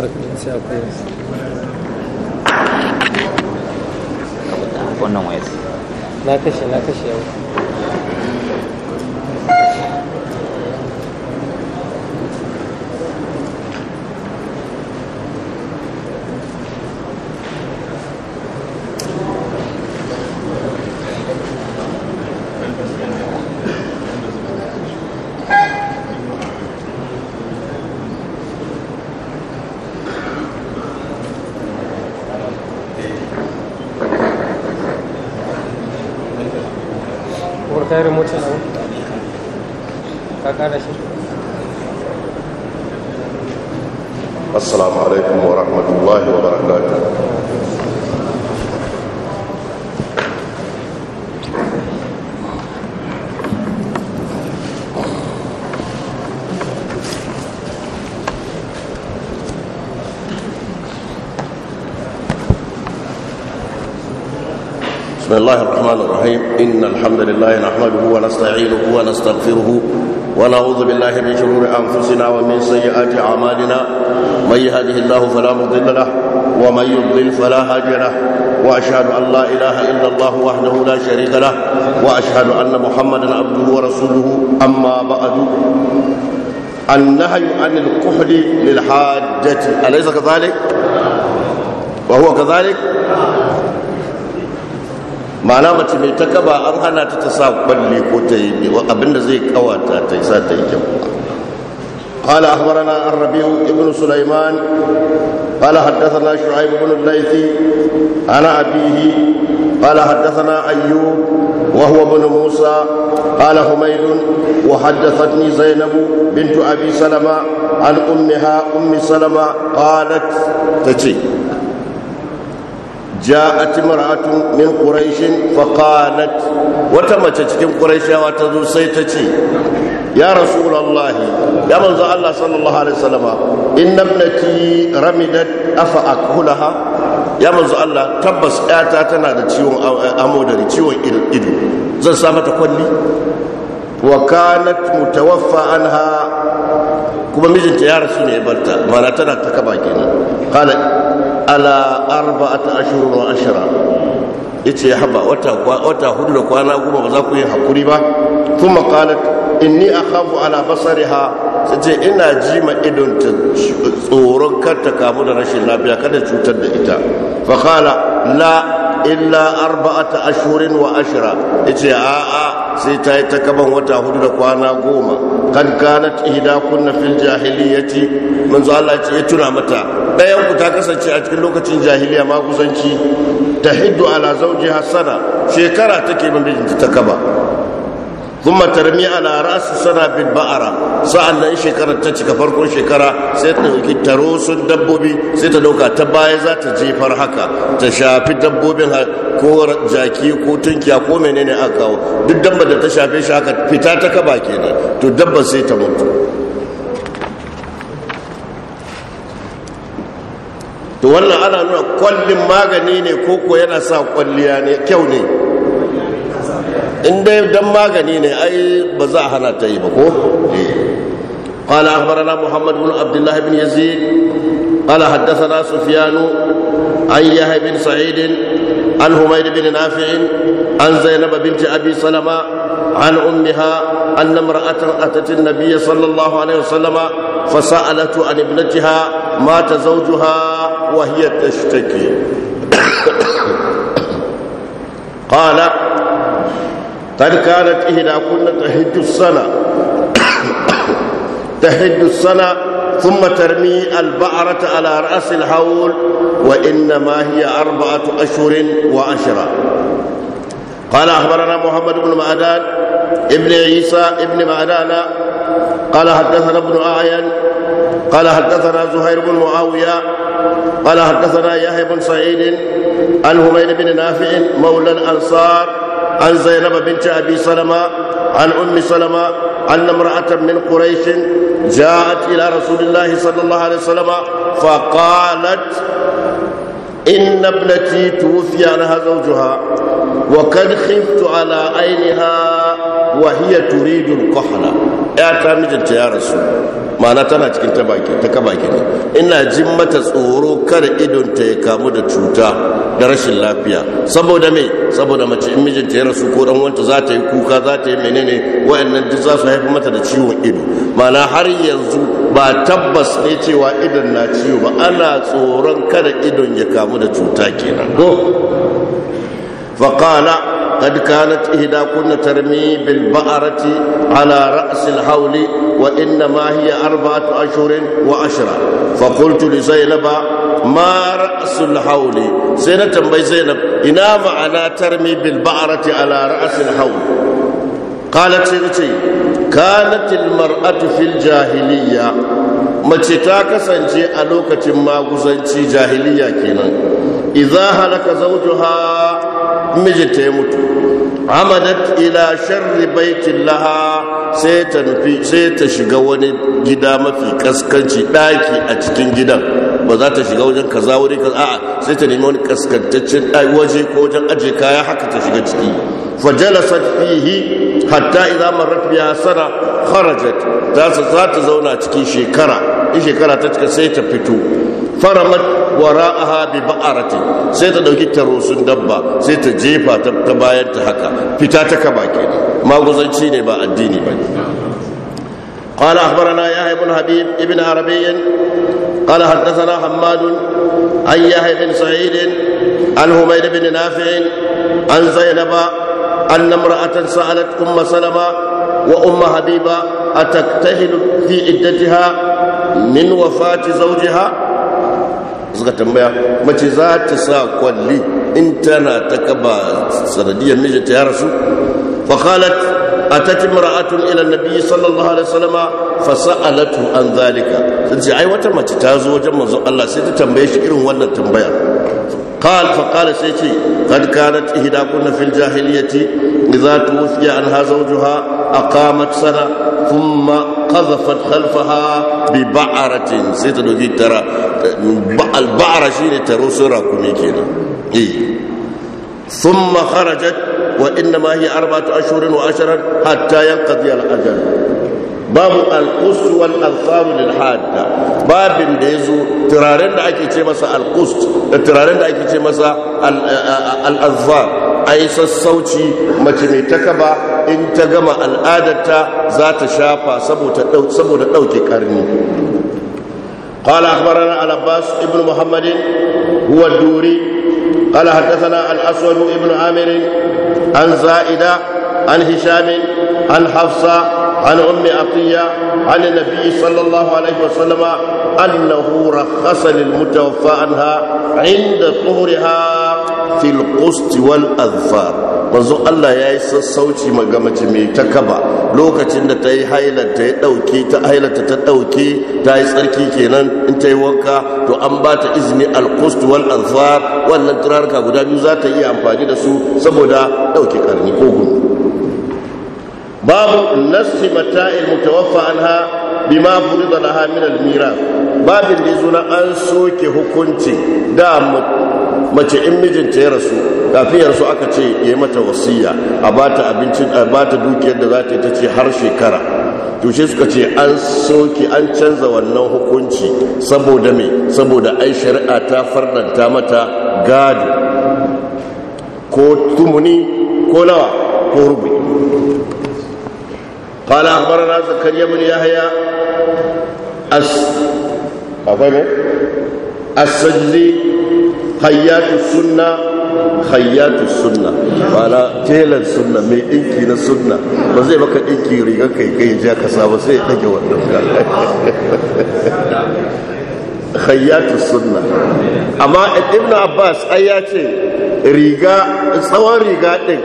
mara kudin sai na بسم الله الرحمن الرحيم إن الحمد لله نحمده ونستعينه ونستغفره ونعوذ بالله من شرور أنفسنا ومن سيئات أعمالنا من يهده الله فلا مضل له ومن يضلل فلا هادي له وأشهد أن لا إله إلا الله وحده لا شريك له وأشهد أن محمدا عبده ورسوله أما بعد النهي عن الكحل للحاجة أليس كذلك؟ وهو كذلك؟ ma'ana mace mai ta kaba an hana ta ta sa kwalle ko ta yi abinda zai kawata ta yi sa ta yi kyau قال أخبرنا الربيع بن سليمان قال حدثنا شعيب بن الليثي عن أبيه قال حدثنا أيوب وهو بن موسى قال حميد وحدثتني زينب بنت أبي سلمة عن أمها أم سلمة قالت تجي جاءت امرأة من قريش فقالت وتمت تكن قريش وتذو سيتتي يا رسول الله يا من الله صلى الله عليه وسلم إن ابنتي رمدت أفأكلها يا من الله تبس آتا تنادى تيوم أمودري تيوم إدو زن سامة كولي وكانت متوفى عنها كما مجنت يا رسول الله ما لا تنادى تكبا كنا قالت ala arba'ata ashhurun wa ashra yace haba wata hudu da kwana goma ba za ku yi hakuri ba kuma qalat inni akhafu ala basariha ce ina ji ma idon ta tsoron kar ta kamu da rashin lafiya kada cutar da ita fa qala la illa ta ashirin wa ashra yace ce a'a. sai ta yi takaban wata hudu da kwana goma kan kanat ihda kunna fil jahiliyati manzo Allah ce ya tura mata dayan ku ta kasance a cikin lokacin jahiliya ma kusanci hiddu ala zawji hasana shekara take ta takaba ثم ترمي على راس سنة بالبقرة سأل لأي شكرة تتك فرقون شكرة سيتنوكي تروس الدبوبي دبوبي سيتنوكا تبايزة تجيفر هكا تشافي دبوبي كور جاكي كو تنكي كو منيني أكاو دي دبا دا تشافي شاكا بتاتك باكينا تو دبا سيتموت to wannan ana nuna kwallin magani ne ko ko yana sa kwalliya ne kyau ne In inda dan magani ne ai ba za a hana ta yi ba ko? ƙwala akbarana bin abdullah bin yazid ƙwala haddasa na sufiyanu an yi an humayin bin an zainaba binti abi an ummiha an na mar'atar atatin mata zaujuha wahiyar tashtake ƙwala قد كانت إذا كنا تهج السنة تهج السنة ثم ترمي البعرة على رأس الحول وإنما هي أربعة أشهر وعشرة قال أخبرنا محمد بن معدان ابن عيسى ابن معدان قال حدثنا ابن أعين قال حدثنا زهير بن معاوية قال حدثنا يحيى بن سعيد عن همير بن نافع مولى الأنصار عن زينب بنت أبي سلمة عن أم سلمة أن امرأة من قريش جاءت إلى رسول الله صلى الله عليه وسلم فقالت إن ابنتي توفي عنها زوجها وقد خفت على عينها وهي تريد القحلة yata ta mijinta ya rasu ma'ana tana cikin ta kabaki ne ina jin mata tsoro kada idonta ya kamu da cuta da rashin lafiya saboda me saboda mace in mijinta ya rasu ko dan wanta za ta yi kuka za ta yi menene wayannan duk za su haifa mata da ciwon ido ma'ana har yanzu ba tabbas ne cewa idon na ciwo ba ana tsoron kada idon ya kamu da cuta kenan ko قد كانت إهداكن ترمي بالبقرة على رأس الحول وإنما هي أربعة أشهر وعشرة فقلت لزينب ما رأس الحول سينا تنبي زينب إنا معنى ترمي بالبقرة على رأس الحول قالت سيدتي كانت المرأة في الجاهلية mace ta kasance a lokacin maguzanci jahiliya kenan idza halaka zawjuha mijinta ya mutu amadat ila sharri baitin laha sai ta nufi sai ta shiga wani gida mafi kaskanci daki a cikin gidan ba za ta shiga wajen kaza wuri kaza a'a sai ta nemi wani kaskantaccen waje ko wajen aje kaya haka ta shiga ciki fajalasat fihi hatta idza marrat biha sara kharajat za ta zauna cikin shekara in shekara ta cika sai ta fito faramat wara'aha bi ba'arati sai ta dauki tarusun dabba sai ta jefa ta bayan ta haka fita ta kaba kenan maguzanci ne ba addini ba قال أخبرنا يحيى بن حبيب ابن عربي قال حدثنا حماد عن يحيى بن سعيد عن همير بن نافع عن زينب أن امرأة سألت أم سلمة وأم حبيبة أتكتهل في عدتها من وفاة زوجها suka tambaya mace zata sa kwalli in tana ta kaba sanadiyar mijin ta yara su a tati mara'atun ilan na biyu sallallahu alaihi salama fasa alatu an zalika ce ai wata mace ta zo wajen manzo allah sai ta tambaye shi irin wannan tambaya قال فقال شيخي قد كانت إهداكن في الجاهلية إذا توفي عنها زوجها أقامت سنة ثم qazafat khalfaha bi ba'aratin sai ta doki tara al ba'ara shine taro sura kuma kenan eh thumma kharajat wa inna ma hiya arba'atu ashhurin wa asharan hatta yanqadi al ajal a yi sassauci mace mai takaba in ta gama al'adarta za ta shafa saboda ɗauke ƙarni قال أخبرنا العباس ابن محمد هو الدوري قال حدثنا الأسود ابن عامر عن زائدة عن هشام عن حفصة عن أم عطية عن النبي صلى الله عليه وسلم أنه رخص للمتوفى عنها عند طهرها fil qusti wal azfar wanzu Allah yayi sassauci ga mace mai ta kaba lokacin da ta yi ta dauke ta hailar ta dauke ta yi tsarki kenan in ta yi wanka to an ba ta izini al qust wal azfar wannan turarka guda biyu za ta yi amfani da su saboda dauke karni ko gudu babu nasi mata'il mutawaffa anha bima furida laha min al-mirath babin da yazo na an soke hukunci da mace in mijinta ya rasu kafin ya rasu aka ce ya yi mata wasiya a bata abincin a bata dukiyar da za ta yi ta ce har shekara tushe suka ce an soki an canza wannan hukunci saboda me saboda ai shari'a ta farnanta mata gadi ko tumuni ko nawa ko rubi na أخبرنا زكريا بن يحيى أس... السجلي hayyatu sunna hayyatu sunna wala telan sunna mai dinki na sunna ba zai baka dinki riga kai kai ja ka sa ba sai ya dage wannan hayyatu sunna amma ibnu abbas ai ya ce riga tsawon riga din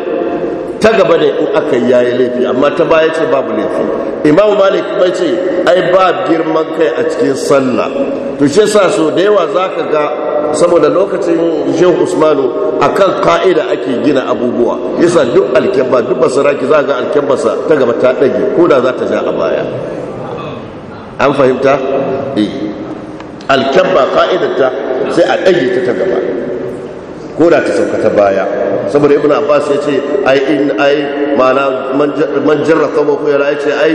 ta gaba da in aka yayi laifi amma ta baya ce babu laifi imam malik bai ce ai ba girman kai a cikin sallah to shi yasa so da yawa zaka ga saboda lokacin jin usmanu a kan ka'ida ake gina abubuwa yasa duk alkyabba duk raki za ga alkyabbarsa ta gaba ta ɗage ko da za ta ja a baya an fahimta eh alkyabba ka'idarta sai a ɗage ta ta gaba ko da ta sauka ta baya saboda ibn abbas ya ce ai in ai mana man jarra ku kuyala ya ce ai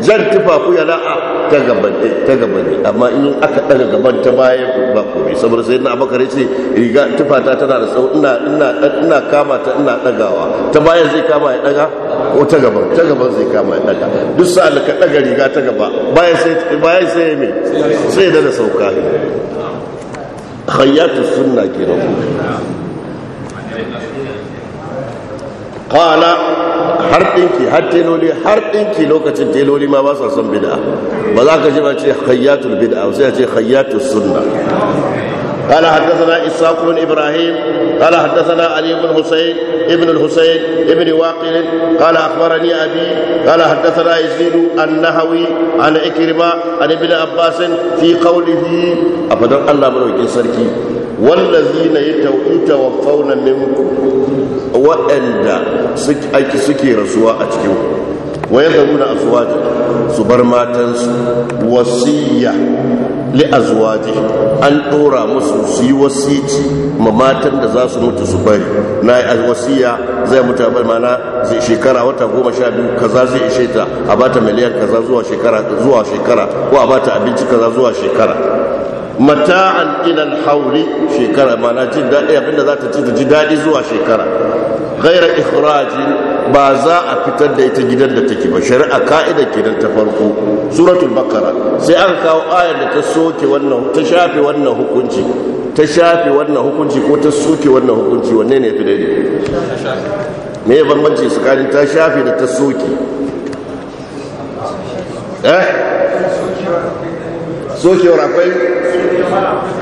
jan tufa kuyala a ta gaba ne amma in aka daga gaban ta baya ba komai saboda sai na abakar ya ce riga tufata tana da tsawo ina kama ta ina dagawa ta baya zai kama ya daga ko ta gaban ta gaban zai kama ya daga duk sa ka ɗaga riga ta gaba baya sai baya sai me sai da sauka khayyatu sunna kenan qala Har ɗinki har teloli har ɗinki lokacin teloli ma ba sa zan bi Ba za ka ji ba ce hayyatu bid'a da'a sai sa ce a ce hayyatu sunna. Ka ala Isakun Ibrahim, ka ala hadasana Aliyu Musa, Ibn Musa, Ibn Wakilin, ka ala akwara niyyar biyar, ka ala hadasana ayi sidu annahawi, annakirima, annabida Abbasen, kai ƙawli biyar. A faɗar Allah mana sarki. wallazina yatawaffawna wa wa'anda suke aiki suke rasuwa a cikin wa na azwaja su bar matansu wasiya li azwaji an dora musu su yi wasici ma matan da za su mutu su bari na yi wasiya zai mutu a mana zai shekara wata goma sha biyu kaza zai ishe ta a bata miliyan kaza zuwa shekara zuwa shekara ko a bata abinci kaza zuwa shekara mata'an ilal hauri shekara mana jin daɗi abinda za ta ci ta ji daɗi zuwa shekara gaira ikhraji ba za a fitar da ita gidan da take ba shari'a ka'ida kenan ta farko suratul bakara sai an kawo ayar da ta soke wannan ta shafe wannan hukunci ta shafe wannan hukunci ko ta soke wannan hukunci wanne ne fi daidai me ya bambanci tsakanin ta shafe da ta soke eh sokewar akwai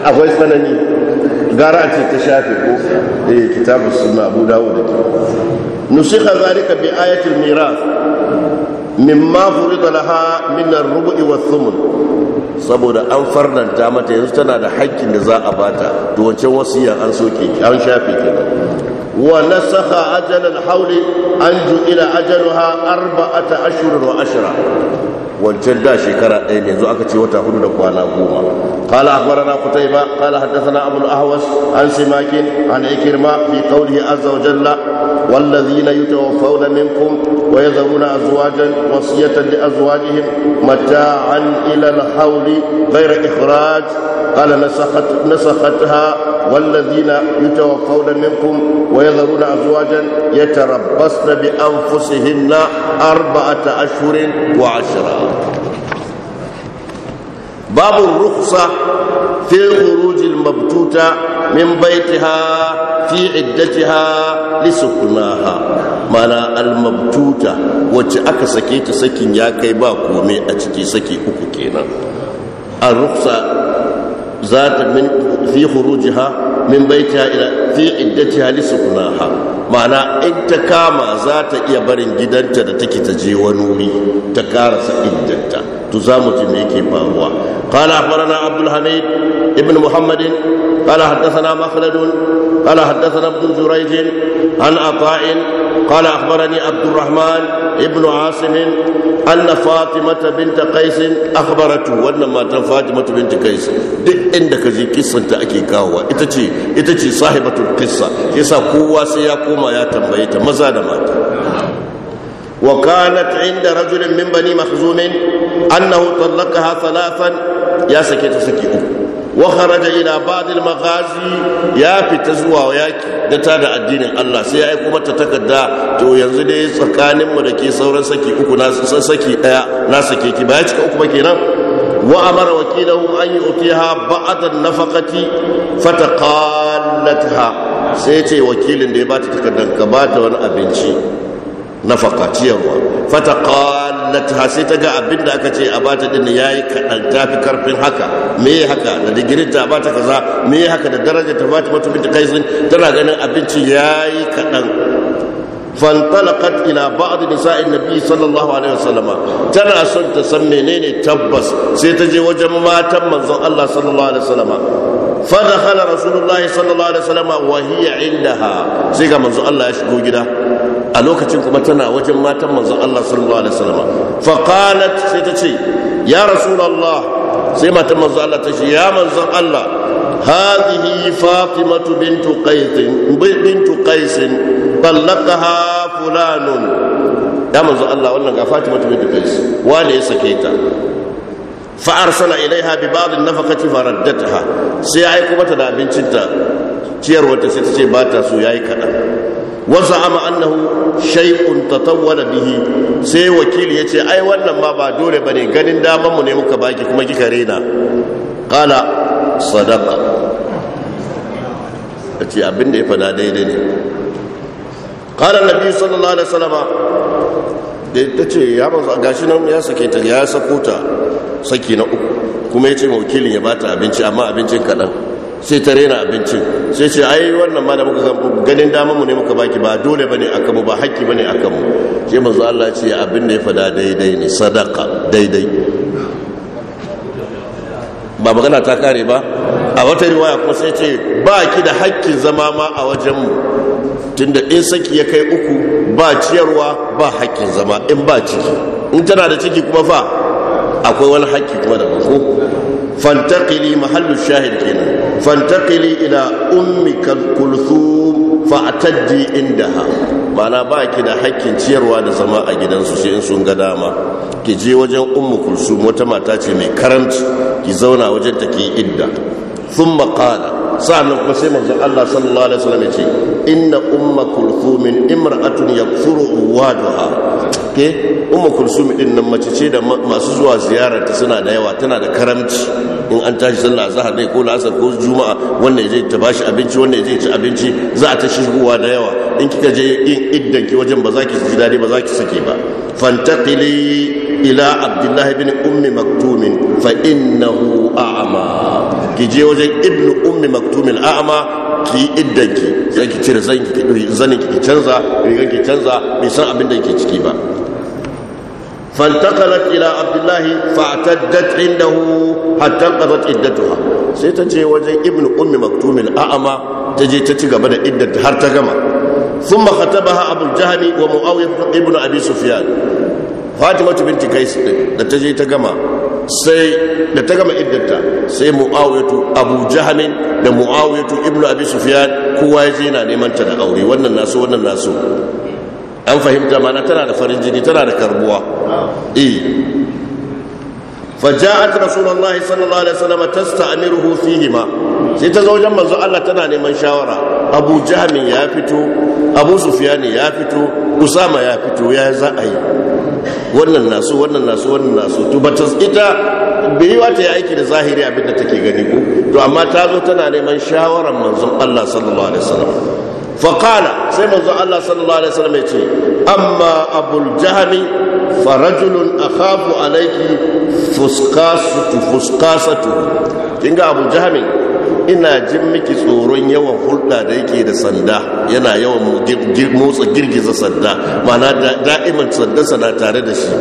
akwai tsanani gara a ce ta shafe ko eh kitabu ma abu dawo dawud nusikha zalika bi ayatil miras mimma furida laha min nan rubui wath-thumun saboda an farnanta mata yanzu tana da haƙƙin da za a bata to wancan wasiya an soke an shafe kenan ونسخ أجل الحول أنجو إلى أجلها أربعة wa وأشرة wancan da shekara ɗaya ne aka ce wata hudu da kwana goma kala akwara na kutai ba kala haddasa na abu ahwas an si makin an ikir ma fi kauli azza wa jalla wallazi na yuta wa fauna min kum wa ya zauna a zuwajen wasiyatan da a zuwajihin mata an ilal hauli gaira ikhraj kala na yuta wa fauna min kum wa ya zauna a zuwajen ya tarabbas na bi an na arba'ata ashurin wa ashirin باب الرخصة في الخروج المبتوتة من بيتها في عدتها لسكناها mana almabtuta wacce aka sake ta sakin ya kai ba komai a ciki saki uku kenan an ruksa ذات من في خروجها من بيتها الى في عدتها لسكناها معنى انت كما ذات iya barin gidanta da take ta je wani wuri ta karasa iddanta to za mu ji me yake faruwa qala akhbarana abdul hamid ابن محمد قال حدثنا مخلد قال حدثنا ابن جريج عن عطاء قال اخبرني عبد الرحمن ابن عاصم ان فاطمه بنت قيس اخبرته وانما فاطمه بنت قيس duk inda ka je kissan ta ake kawo ita ce ita ce sahibatul qissa yasa kowa sai ya koma ya tambaye maza da mata wa kanat inda rajulin min bani mahzumin annahu tallaqaha thalathan ya sake ta saki uku wa kharaja ila ba'd maghazi ya fita zuwa yaki da ta da addinin Allah sai ya aiko mata takarda to yanzu dai tsakanin mu da ke sauran saki uku na saki daya na sake ki ba ya cika uku ba kenan wa amara wakilahum an yu'tiha ba'd nafaqati fataqallatha sai ce wakilin da ya bata takardar ka bata wani abinci nafaka ciyarwa fataqal ta sai ta ga abin da aka ce a bata din ya yi kaɗan tafi karfin haka da digirin ta bata kaza me ya haka da darajar ta bata mutum kai tana ganin abinci ya kaɗan fantalaqat ila ba'd nisa'in nabi tana son ta san menene tabbas sai ta je wajen matan manzon Allah sallallahu alaihi wasallam fa dakhala rasulullahi sallallahu alaihi wasallam wa hiya indaha sai ga manzon Allah ya shigo gida a lokacin kuma tana wajen matan manzon Allah sallallahu alaihi wasallam fa qalat sai ta ce ya rasulullah sai matan manzon Allah ta ce ya manzon Allah hadhihi fatimatu bintu qais bintu qais ballaqaha fulanun ya manzon Allah wannan ga fatimatu bintu qais wani ya sake ta fa arsala ilaiha bi ba'd an-nafaqati faraddataha sai ya aiko mata da abincin ta ciyarwar ta sai ta ce ba ta so yayi kadan وزعم انه شيء تطور به سي وكيل يتي 'Ai, wannan ma ba dole bane ganin daman mu ne muka baki kuma kika rena qala sadaqa yace abin da ya fada daidai ne qala nabi sallallahu alaihi wasallam da yace ya ba gashi nan ya sake ta ya sako ta saki na uku kuma yace wakilin ya bata abinci amma abincin kadan sai ta rena abincin sai ce ai wannan ma da muka ganin damar mu ne muka baki ba dole bane a kanmu ba hakki bane a kanmu sai manzo Allah ce abin da ya fada daidai ne sadaka daidai ba magana ta kare ba a wata riwaya kuma sai ce ba ki da hakkin zama ma a wajen mu tunda in saki ya kai uku ba ciyarwa ba hakkin zama in ba ciki in tana da ciki kuma fa akwai wani hakki kuma da ko فانتقلي محل الشاهد هنا فانتقلي إلى أمك الكلثوم فاعتدي عندها ma'ana ba ki da hakkin ciyarwa da zama a gidansu sai in sun ga dama ki je wajen ummu kulsum wata mata ce mai karamci ki zauna wajen ta ki idda thumma qala sa'annan kuma sai manzon Allah sallallahu alaihi wasallam ya ce inna umma kulthumin imra'atun yakfuru waduha ke umma kulsum din nan mace ce da masu zuwa ziyarar ta suna da yawa tana da karamci in an tashi sallah zahar dai ko la'asar ko juma'a wannan zai ta bashi abinci wannan zai ci abinci za a ta shigowa da yawa in kika je in iddanki wajen ba za ki ji dadi ba za ki sake ba fantaqili ila abdullahi bin ummi maktumin fa innahu ki je wajen ibnu ummi maktumin a'ama ki idan ki sai ki cire zanin ki canza rigar ki canza bai san abin da ke ciki ba فانتقلت الى عبد الله فاعتدت عنده حتى انقضت عدتها sai ta je wajen ibnu ummi maktum al'ama ta je ta ci gaba da iddata har ta gama thumma khatabaha abul jahmi wa muawiya ibnu abi sufiyan. Fatima ta binti kais da ta je ta gama sai da ta gama iddata sai muawiyatu abu jahamin da muawiyatu ibnu abi sufyan kowa ya je na neman ta da aure wannan nasu wannan nasu an fahimta mana tana da farin jini tana da karbuwa eh fajaat rasulullahi sallallahu alaihi wasallam tasta'miruhu وسلم تستأمره sai ta zo wajen manzo Allah tana neman shawara Abu jahamin ya fito Abu Sufyan ya fito Usama ya fito ya za a yi wannan nasu wannan nasu wannan nasu to ta ita biyuwa ta yi aiki da zahiri abinda take gani ko to amma ta zo tana neman shawaran manzon Allah sallallahu alaihi wasallam faqala sai manzon Allah sallallahu alaihi wasallam ya ce amma abul jahmi rajulun akhafu alayki fuskasatu fuskasatu kinga abul jahmi ina jin miki tsoron yawan hulɗa da yake da sanda yana yawan motsa girgiza sanda mana da'iman sanda na tare da shi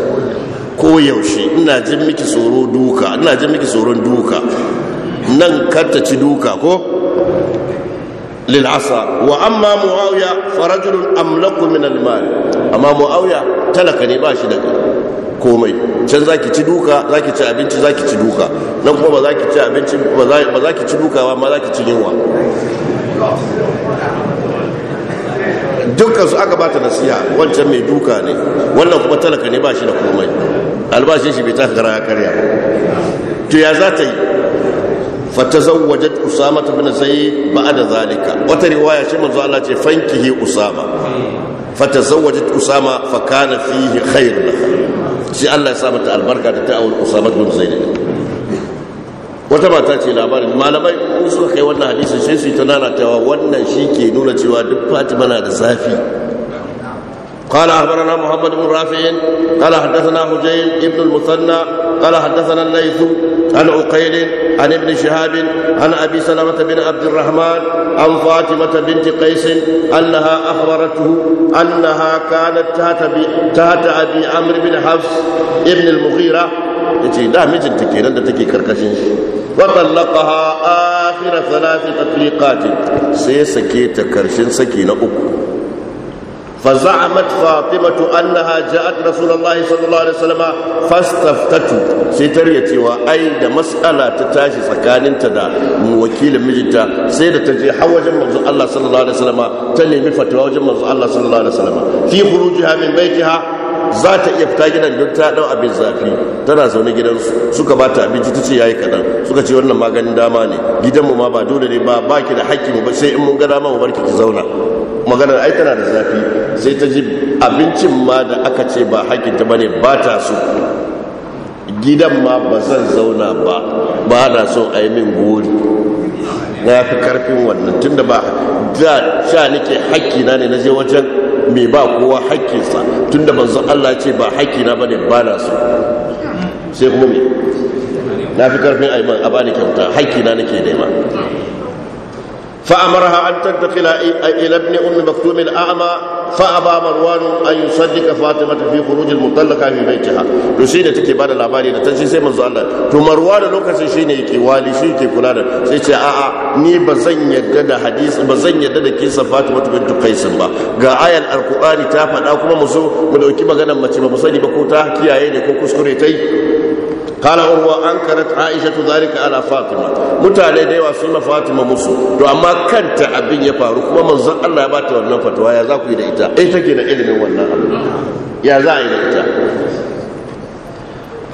ko yaushe ina jin miki tsoro duka ina jin miki tsoron duka nan karta ci duka ko lil'asa wa amma muawiya farajulun amlaku min almal amma muawiya talaka ne ba shi da komai can zaki ci duka zaki ci abinci zaki ci duka nan kuma ba zaki ci abinci ba za ki ci duka ba ma zaki ci yunwa dukkan su aka bata nasiha wancan mai duka ne wannan kuma talaka ne ba shi da komai albashin shi bai taka kara karya to ya za ta yi fatazawwajat usama ba a da zalika wata riwaya shi manzo Allah ce fankihi usama fatazawwajat usama fa kana fihi khairu sai Allah ya sabata albarka da ta aure Usama bin Zaid wata mata ce labarin malamai suka kai wannan hadisin sai su yi ta lalatawa wannan shi ke nuna cewa duk Fatima na da zafi قال أخبرنا محمد بن رافع قال حدثنا حجين ابن المثنى قال حدثنا الليث عن عقيل عن ابن شهاب عن أبي سلمة بن عبد الرحمن عن فاطمة بنت قيس أنها أخبرته أنها كانت تحت, تحت أبي عمرو بن حفص ابن المغيرة yace da mijinta kenan da take karkashin shi wa talaqaha akhir thalath tafriqat sai sake ta karshen saki na uku فزعمت فاطمة أنها جاءت رسول الله صلى الله عليه وسلم فاستفتت سيترية وأي مسألة تتاشي سكان تدا موكيل مجد سيدة تجي حوى منذ الله صلى الله عليه وسلم تنمي فتوى منذ الله صلى الله عليه وسلم في خروجها من بيتها za ta iya fita gidan don ta dau abin zafi tana zaune gidan suka bata abinci ta ce yayi kadan suka ce wannan maganin dama ne gidanmu ma ba dole ne ba baki da hakki mu ba sai in mun ga dama mu barki ki zauna maganar ai tana da zafi sai ta ji abincin ma da aka ce ba hakinta bane ba ta so gidan ma ba zan zauna ba ba na so a min gori na fi karfin wannan tun da ba da sha nake hakkina ne na je wajen mai ba kowa hakkinsa tun da manzon Allah ce ba hakkina ba ne ba na so sai kuma me na fi karfin aiman a bani kyauta hakkina nake nema فأمرها أن تنتقل إلى ابن أم مكتوم الأعمى فأبى مروان أن يصدق فاطمة في خروج المطلقة في بيتها لشينة تكي بعد الأباري نتنشي سيما زالة تو مروان لو كسي شيني كي والي شي كي كلانا سيشي آآ ني بزن يدد حديث بزن يدد كيس فاطمة بنت قيس با غا آية القرآن تافا ناكما مسو مدوكي مغانا مچما مساني بكوتا كي آيني كو كسكري تي kala urwa an karat aisha tu zalika ala fatima mutane da yawa suna fatima musu to amma kanta abin ya faru kuma manzon Allah ya bata wannan fatawa ya za ku yi da ita ai take na ilimin wannan ya za a yi da ita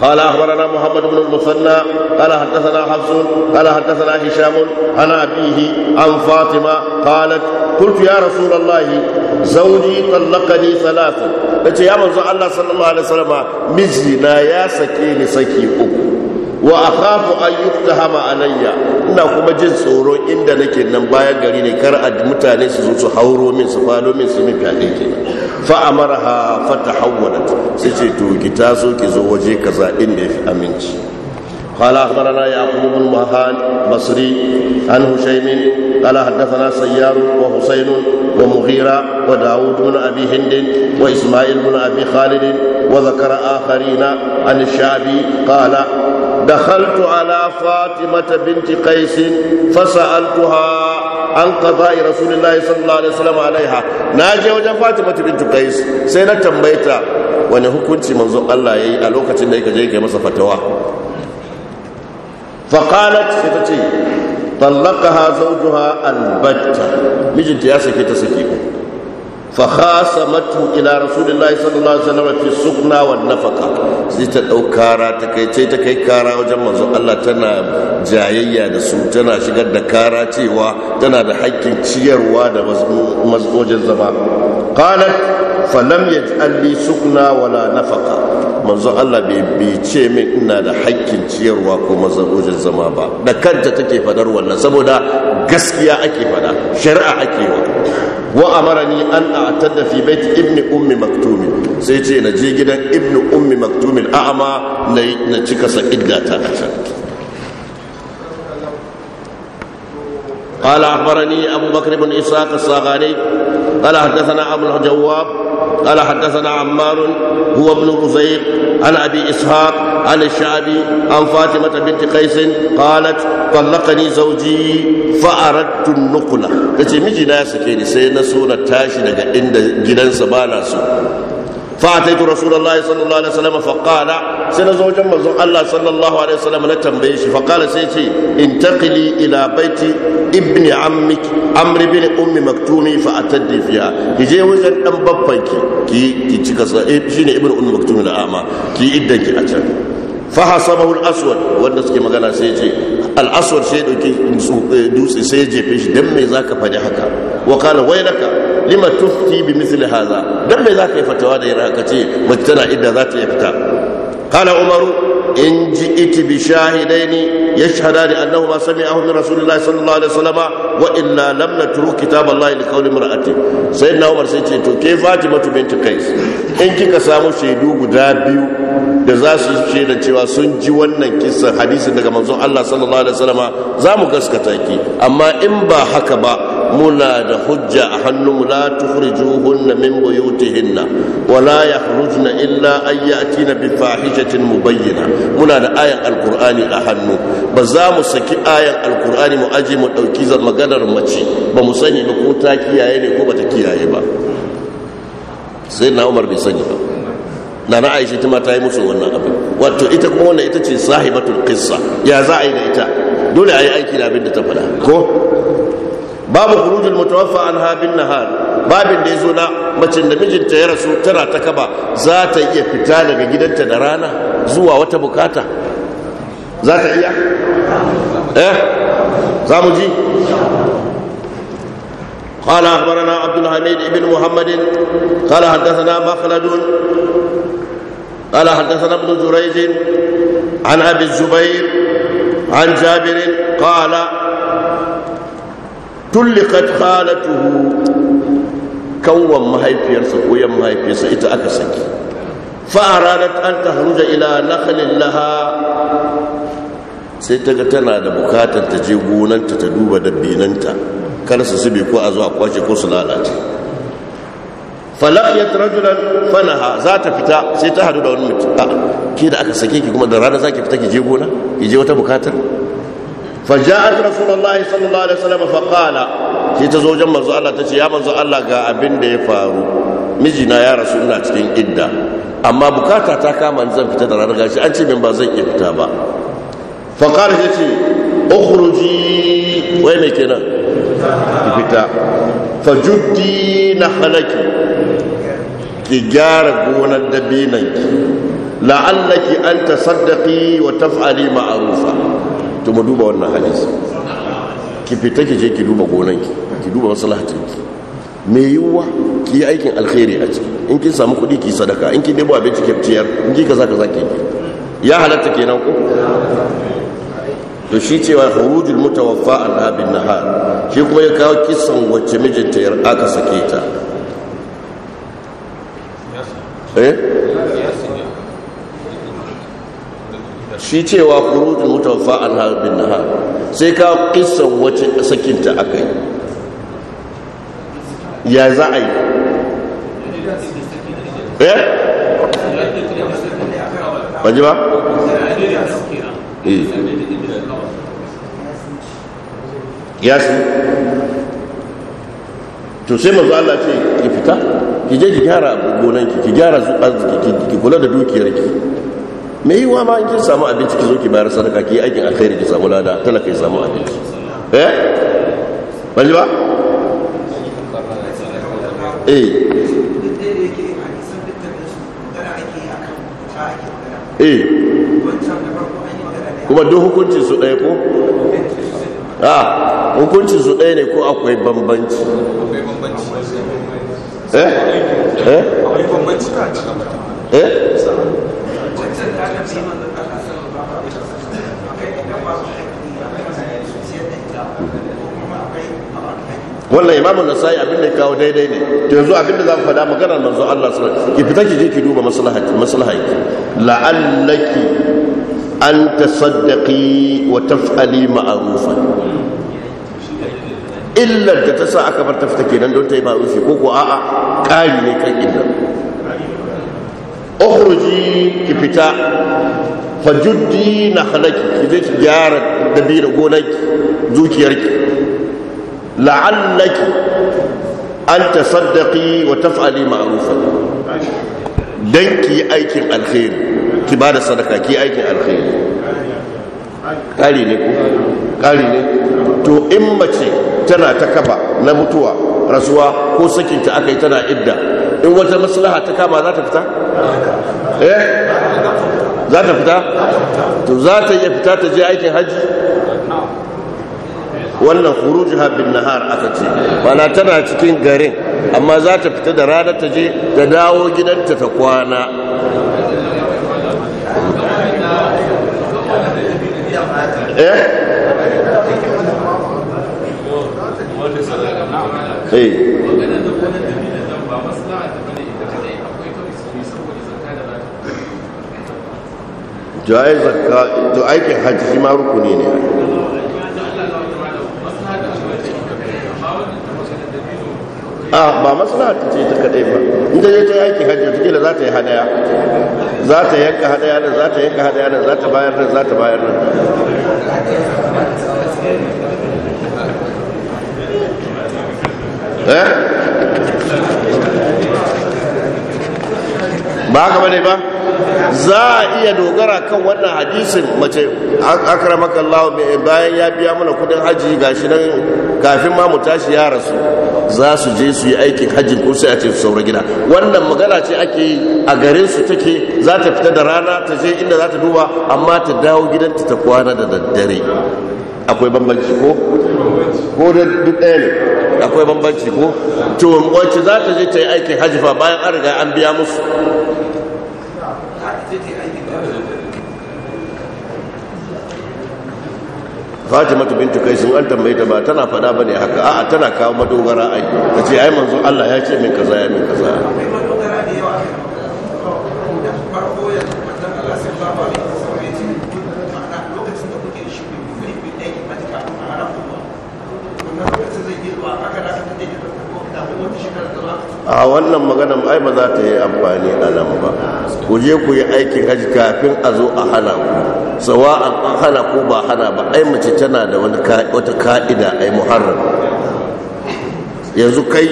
قال اخبرنا محمد بن المثنى قال حدثنا حفص قال حدثنا هشام عن ابيه عن فاطمه قالت قلت يا رسول الله زوجي طلقني ثلاثا قلت يا منزل الله صلى الله عليه وسلم مجلنا يا سكيني سكي أكو wa akhafu an yuqtahama alayya ina kuma jin tsoro inda nake nan bayan gari ne kar a mutane su zo su hauro min su falo min su min fyaɗe ke fa amarha fa tahawwalat sai ce to ki taso ki zo waje kaza inda fi aminci قال اخبرنا يعقوب بن مهان بصري عن هشيم قال حدثنا سيار وحسين ومغيرة وداود بن أبي هند وإسماعيل بن أبي خالد وذكر آخرين عن الشعبي قال دخلت على فاطمة بنت قيس فسألتها عن قضاء رسول الله صلى الله عليه وسلم عليها ناجي وجه فاطمة بنت قيس سينا تنبيتا wani hukunci manzon Allah ya yi a lokacin da ya je ya masa fatawa faƙalat sai ce tallaka ha zau mijinta ya sake ta sake ku faƙasa matu ila rasulullahi sallallahu alaihi wasallam fi sukna wa nafaka sai ta ɗaukara kara ta kai ce ta kai kara wajen manzo Allah tana jayayya da su tana shigar da kara cewa tana da haƙƙin ciyarwa da masbojin zama qalat falam yaj'al li sukna wala nafaka manzon Allah bai ce min ina da haƙƙin ciyarwa ko mazarojin zama ba da kanta take fadar wannan saboda gaskiya ake fada shari'a ake wa wa ni an a'tadda fi bait ibn ummi maktum sai ce na je gidan ibn ummi maktum a'ama na cika sa iddata a can قال أخبرني أبو بكر بن إسحاق الصاغاني قال حدثنا أبو الجواب قال حدثنا عمار هو ابن رزيق عن أبي إسحاق عن الشعبي عن فاطمة بنت قيس قالت طلقني زوجي فأردت النقلة تتمجي ناسك سينا سونا تاشي لك عند جنان سبانا سونا fataitu rasulullahi sallallahu alaihi wasallam fa sai na zo wajen manzon Allah sallallahu alaihi wasallam na tambaye shi fa qala sai ce intaqili ila baiti ibni ammik amri bin ummi maktumi fa atadi ki je wajen dan babban ki ki ki cika sa shine ibnu ummi maktumi da ama ki idda ki a can fa hasabahu al aswad wanda suke magana sai ce al'aswar sai dauki eh, dutse sai ya jefe shi dan me zaka faɗi haka wa wai waylaka lima tufti bi mithli hadha dan me zaka yi fatawa da irin haka ce mace tana idda za ta yi fita قال عمر إن جئت بشاهدين يشهدان أنهما سمعه من رسول الله صلى الله عليه وسلم وإلا لم نترك كتاب الله لقول امرأته سيدنا عمر سيدنا كيف فاطمة بنت قيس إن كيك سامو شهدو غدا بيو da za su shaida cewa sun ji wannan kisan hadisin daga manzon Allah sallallahu alaihi wasallam za mu gaskata ki amma in ba haka ba muna da hujja a hannunmu la tukhrijuhunna min buyutihinna wa la yakhrujna illa an ya'tina bi fahishatin mubayyina muna da ayan alqur'ani a hannu ba za mu saki ayan alqur'ani mu aje mu dauki zan maganar mace ba mu sani ba ko ta kiyaye ne ko ba ta kiyaye ba sai na Umar bai sani ba na na Aisha ta ta yi musu wannan abin wato ita kuma wannan ita ce sahibatul qissa ya za a yi da ita dole a yi aiki da abin da ta faɗa ko babu khurujul mutawaffa anha bin nahar babin da yazo na macin da mijinta ya rasu tana ta kaba za ta iya fita daga gidanta da rana zuwa wata bukata za ta iya eh za mu ji قال اخبرنا عبد الحميد بن محمد قال حدثنا مخلد قال حدثنا ابن جريج عن ابي الزبير عن جابر قال tullikat khalatuhu kawwan mahaifiyarsa ko yan mahaifiyarsa ita aka saki aradat an tahruja ila nakhlin laha sai ta ga tana da bukatar ta je gonanta ta duba dabbinanta kar su sibe ko a zo a kwace ko su lalace falaqiyat rajulan fanaha za ta fita sai ta hadu da wani mutum ke da aka sake ki kuma da rana zaki fita ki je gona ki je wata bukatar فجاءت رسول الله صلى الله عليه وسلم فقال sai ta zo wajen manzo Allah ta ce ya manzo Allah ga abin da ya faru mijina ya rasu ina cikin idda amma bukata ta kama ni zan fita da ranar gashi an ce min ba zan iya fita ba fa qala sai ce ukhruji wai me kenan ki fita fa juddi nahlaki ki gyara gonar dabinan ki la'allaki an tasaddaqi wa taf'ali ma'rufa to mu duba wannan hadisi ki fita ki je ki duba gonanki ki duba maslahatinki me yiwuwa ki yi aikin alkhairi a ciki in kin samu kuɗi ki sadaka in kin debo abinci ki ciyar in ki kaza kaza ki ya halatta kenan ko to shi cewa khurujul mutawaffa an habin nahar shi kuma ya kawo kisan wacce mijinta yar aka sake ta eh shi cewa kurudu mutafa an harbin har sai ka kissan wace sakinta aka yi ya za a yi eh? eh. Ya waje ba ya su to sai mazu Allah ce ki fita ki je ki gyara gonanki ki gyara zuɓar ki kula da dukiyarki me yi wa ma in kin samu abinci ki zo ki bayar sadaka ki yi aikin alkhairi ki samu lada talaka kai samu abinci eh bali ba eh eh kuma duk hukuncin su ɗaya ko a ah, hukuncin su ɗaya ne ko akwai bambanci eh eh eh wannan imamun nasai abin da ya kawo daidai ne to yanzu abin da za mu faɗa maganar manzo Allah sallallahu ki fita ki je ki duba maslahati maslahati la'allaki an tasaddaqi wa taf'ali ma'rufan illar da ta sa aka bar taftake kenan don ta yi ma'rufi ko ko a'a kari ne kan illar ukhruji ki fita fajuddi na halaki ki ki gyara dabira da gonaki zuciyarki la'allaki an tasaddaqi wa taf'ali ma'rufa dan ki yi aikin alkhairi ki ba da sadaka ki aikin alkhairi kari ne ko kari ne to in mace tana ta kaba na mutuwa rasuwa ko sakinta aka yi tana idda in wata maslaha ta kama za ta fita eh za ta fita to za ta iya fita ta je aikin hajji wannan huruji habin nahar aka ce bana tana cikin garin amma za ta fita da rana ta je ta dawo gidanta ta kwana eh to ai zakka to aikin hajji shi ma rukuni ne a ba maslaha ta ce ta kadai ba in ta je ta yi aikin hajji wata kila za ta yi hadaya za ta yanka hadaya nan za ta yanka hadaya nan za ta bayar nan za ta bayar nan eh? ba ka bane ba za a iya dogara kan wannan hadisin mace akramaka Allah bayan ya biya mana kudin haji gashi nan kafin ma mu tashi ya rasu za su je su yi aikin haji ko sai a ce su saura gida wannan magana ce ake yi a garin su take za ta fita da rana ta je inda za ta duba amma ta dawo gidanta ta kwana da daddare akwai bambanci ko ko da duk ɗaya ne akwai bambanci ko to wacce za ta je ta yi aikin haji fa bayan an riga an biya musu fatima ta bintu kai sun an tambayi ta ba tana faɗa ba ne haka a'a tana kawo madogara ai ta ce ai manzo Allah ya ce min kaza ya min kaza a wannan magana ai ba za ta yi amfani a nan ba ku je ku yi aikin hajji kafin a zo a hana ku sawa an hana ko ba hana ba ai mace tana da wata ka'ida ai muharram yanzu kai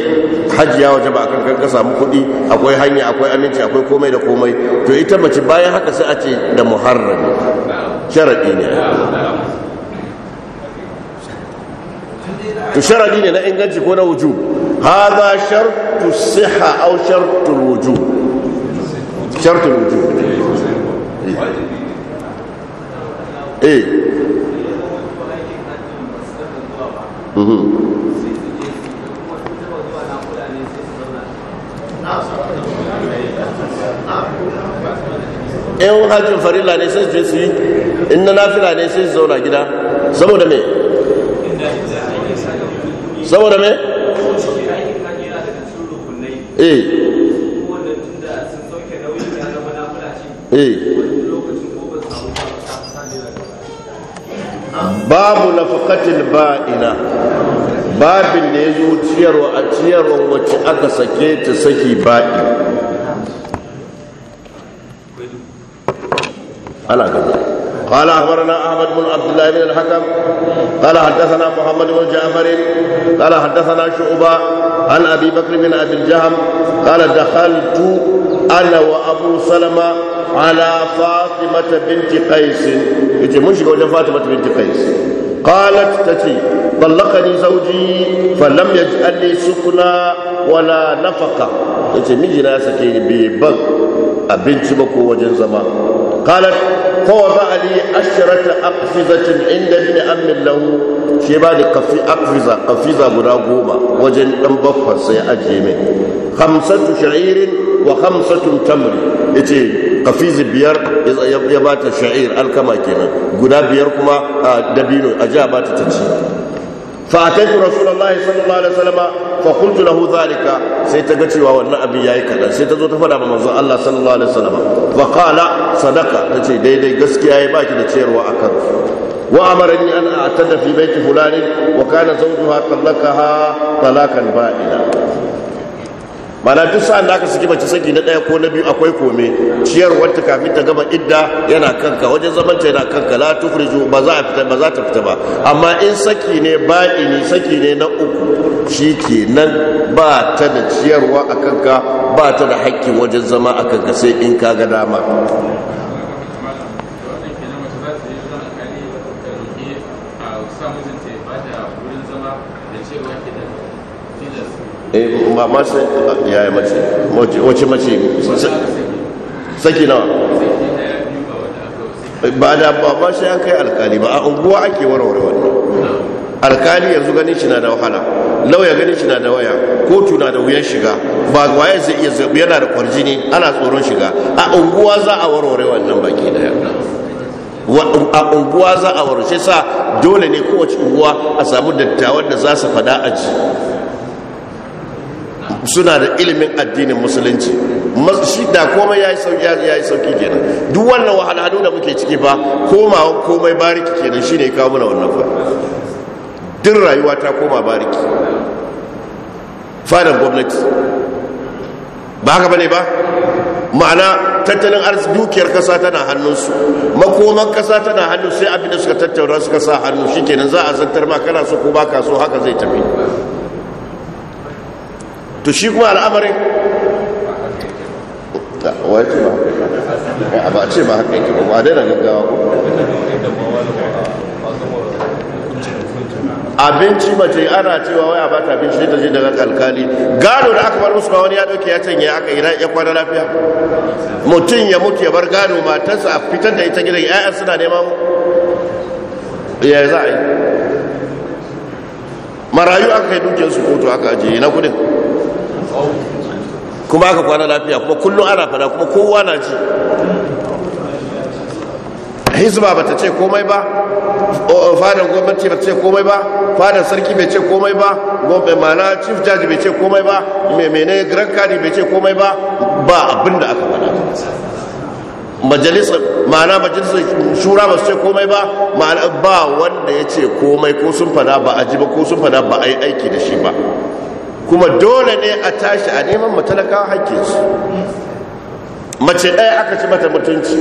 hajji ya waje ba akan kan ka samu kuɗi akwai hanya akwai aminci akwai komai da komai to ita mace bayan haka sai a ce da muharram sharaɗi ne to sharaɗi ne na inganci ko na wujub هذا شرط الصحة أو شرط الوجوب شرط الوجوب إيه in hajjin farilla ne sai je su yi in na nafila ne sai su zauna gida saboda me saboda me eh, eh. babu nafaqatil ba'ina babin da ya zo ciyarwa a ciyarwa wacce aka sake ta saki ba'i ala gaba قال اخبرنا احمد بن عبد الله بن الحكم قال حدثنا محمد بن جعفر قال حدثنا شعبه عن ابي بكر بن ابي الجهم قال دخلت انا وابو سلمه على فاطمه بنت قيس يجي مش فاطمه بنت قيس قالت تتي طلقني زوجي فلم يجعل لي سكنا ولا نفقه تتي مجي ناسك ببغ abinci ba ko wajen zama قالت kowa ali ashirata akfizatin inda ne an millahu shi ba da kafi akfiza kafiza guda goma wajen dan bakwai sai ajiye mai hamsatu sha'irin wa hamsatu tamri ita kafizi biyar ya ba sha'ir alkama kenan guda biyar kuma a dabino a ji a ba ta ta ci fa a kai rasulallah sallallahu alaihi wasallam fa qultu lahu zalika sai ta ga cewa wannan abin yayi kadan sai ta zo ta fada ma manzon Allah sallallahu alaihi wasallam wa qala sadaka tace daidai gaskiya yayi baki da ciyarwa akan wa amarni an a'tada fi baiti fulani wa kana zawjuha talakaha talakan ba'ida mana duk sa'an da aka saki mace saki na ɗaya ko na biyu akwai kome ta kafin ta gama idda yana kanka wajen ta yana kanka la tufriju ba za ta fita ba amma in saki ne ba'ini saki ne na uku shi ke nan ba ta da ciyarwa a kanka ba ta da haƙƙin wajen zama a kanka sai in ka ga dama eh ma sai. ya yi mace wace mace saki nawa eh, ba da ba shi an kai alkali ba a unguwa ake warware wannan alkali yanzu ganin shi na da wahala lauya ganin shi na da waya kotu na da wuyan shiga ba waye zai iya zabi yana da ne ana tsoron shiga a unguwa za a warware wannan baki daya a unguwa za a warware sa dole ne kowace unguwa a samu dattawan da za su fada a ji suna da ilimin addinin musulunci shi da komai ya yi sauki ya kenan duk wannan wahalhalu da muke ciki ba komawa komai bariki kenan shi ne kawo mana wannan fa Din rayuwa ta koma bariki fadar gwamnati ba haka bane ba ma'ana tattalin arziki dukiyar kasa tana hannunsu makoman kasa tana hannu sai abin da suka tattauna suka sa hannu shikenan za a zantar ma kana so ko baka so haka zai tafi to shi kuma al'amarin wace ba a ba ce ba haka yake ba daina gaggawa ko abinci mace ana cewa wai a bata abinci ta je daga kalkali gado da aka bar musu ba wani ya dauke ya canye aka ina ya kwana lafiya mutum ya mutu ya bar gado matarsa a fitar da ita gidan ƴaƴan suna neman ya za a yi marayu aka kai dukiyar su koto aka je na kudin kuma aka kwana lafiya kuma kullum ana fada kuma kowa na ji hizba bata ce komai ba fadar gwamnati bata ce komai ba fadar sarki bai ce komai ba gwamnati mana chief judge bai ce komai ba mene grand cardi bai ce komai ba ba abinda aka faɗa majalisar ma'ana majalisar shura ba su ce komai ba ma'ana ba wanda ya ce komai ko sun fada ba a ji ba ko sun fada ba a yi aiki da shi ba kuma dole ne a tashi a neman matalaka hakkinsu mace ɗaya aka ci mata mutunci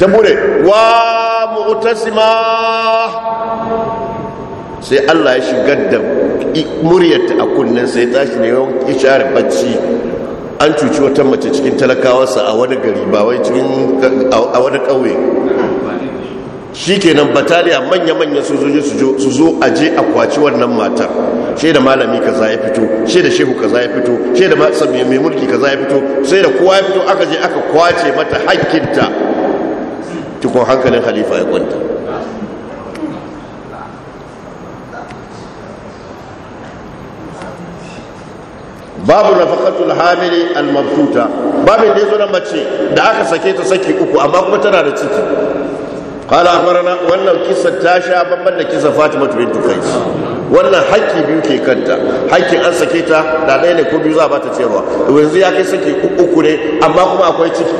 ta bude wa mu'tasima sai Allah ya shigar da muryarta a kunnen sai tashi ne yawan share bacci an cuci wata mace cikin talakawarsa a wani gari ba wai cikin a wani ƙauye shi kenan bataliya manya-manyan zoji su zo a je a kwaci wannan matar shi da malami ka za ya fito shi da shehu ka za ya fito shi da mai mulki ka za ya fito sai da kowa ya fito aka je aka kwace mata hankinta. tukun hankalin halifa ya kwanta babu na nafaqatul hamili almabtuta babin da zo na mace da aka sake ta saki uku amma kuma tana da ciki kala akhbarana wannan kisa ta sha babban da kisa Fatima bin tukai. wannan haƙƙi biyu ke kanta haƙƙi an sake ta da ɗaya ne ko biyu za a ba ta cewa yanzu ya kai saki uku ne amma kuma akwai ciki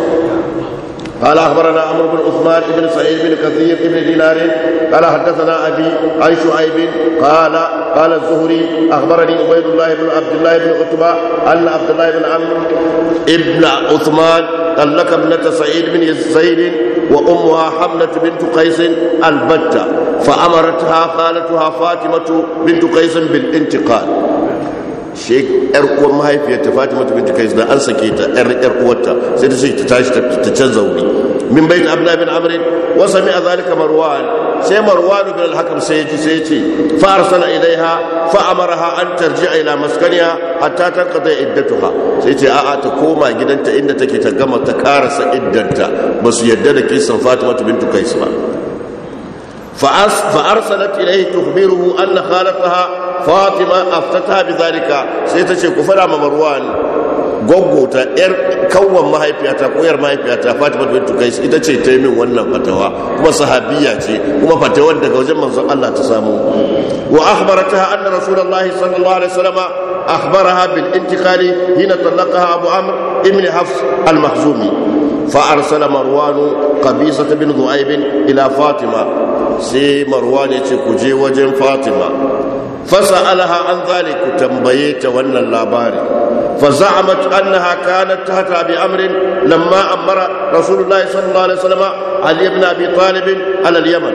قال اخبرنا عمرو بن عثمان بن سعيد بن كثير بن دينار قال حدثنا ابي عن شعيب قال قال الزهري اخبرني عبيد الله بن عبد الله بن عتبه ان عبد الله بن عمرو ابن عثمان طلق ابنه سعيد بن زيد وامها حمله بنت قيس البته فامرتها خالتها فاطمه بنت قيس بالانتقال shi yar uwar mahaifiyarta fatima ta Bintu kais da an sake ta yar yar uwarta sai ta ce ta tashi ta canza wuri min bait abdullah bin amr wa sami'a azalika marwan sai marwan bin al sai ya yace sai yace fa arsala ilaiha fa amaraha an tarji'a ila maskaniha hatta tanqada iddatuha sai yace a'a ta koma gidanta inda take ta gama ta karasa iddanta basu yadda da kisan fatima ta Bintu kais ba فأرسلت إليه تخبره أن خالتها فاطمة أفتتها بذلك سيتشي كفر مروان ta yar kawwan mahaifiyata ko yar mahaifiyata fatima bintu kais ita ce ta yi min wannan fatawa kuma sahabiya ce kuma fatawar daga wajen manzon Allah ta samu wa akhbarata anna rasulullah sallallahu alaihi wasallam akhbaraha bil intiqali hina talaqaha abu amr ibn hafs al mahzumi فأرسل مروان قبيصة بن ذؤيب إلى فاطمة sai Marwa ne ce ku je wajen fatima Fasa Alaha an zalik ku tambaye ta wannan labari فزعمت انها كانت تحت بامر لما امر رسول الله صلى الله عليه salama, Ali ibn ابي طالب على اليمن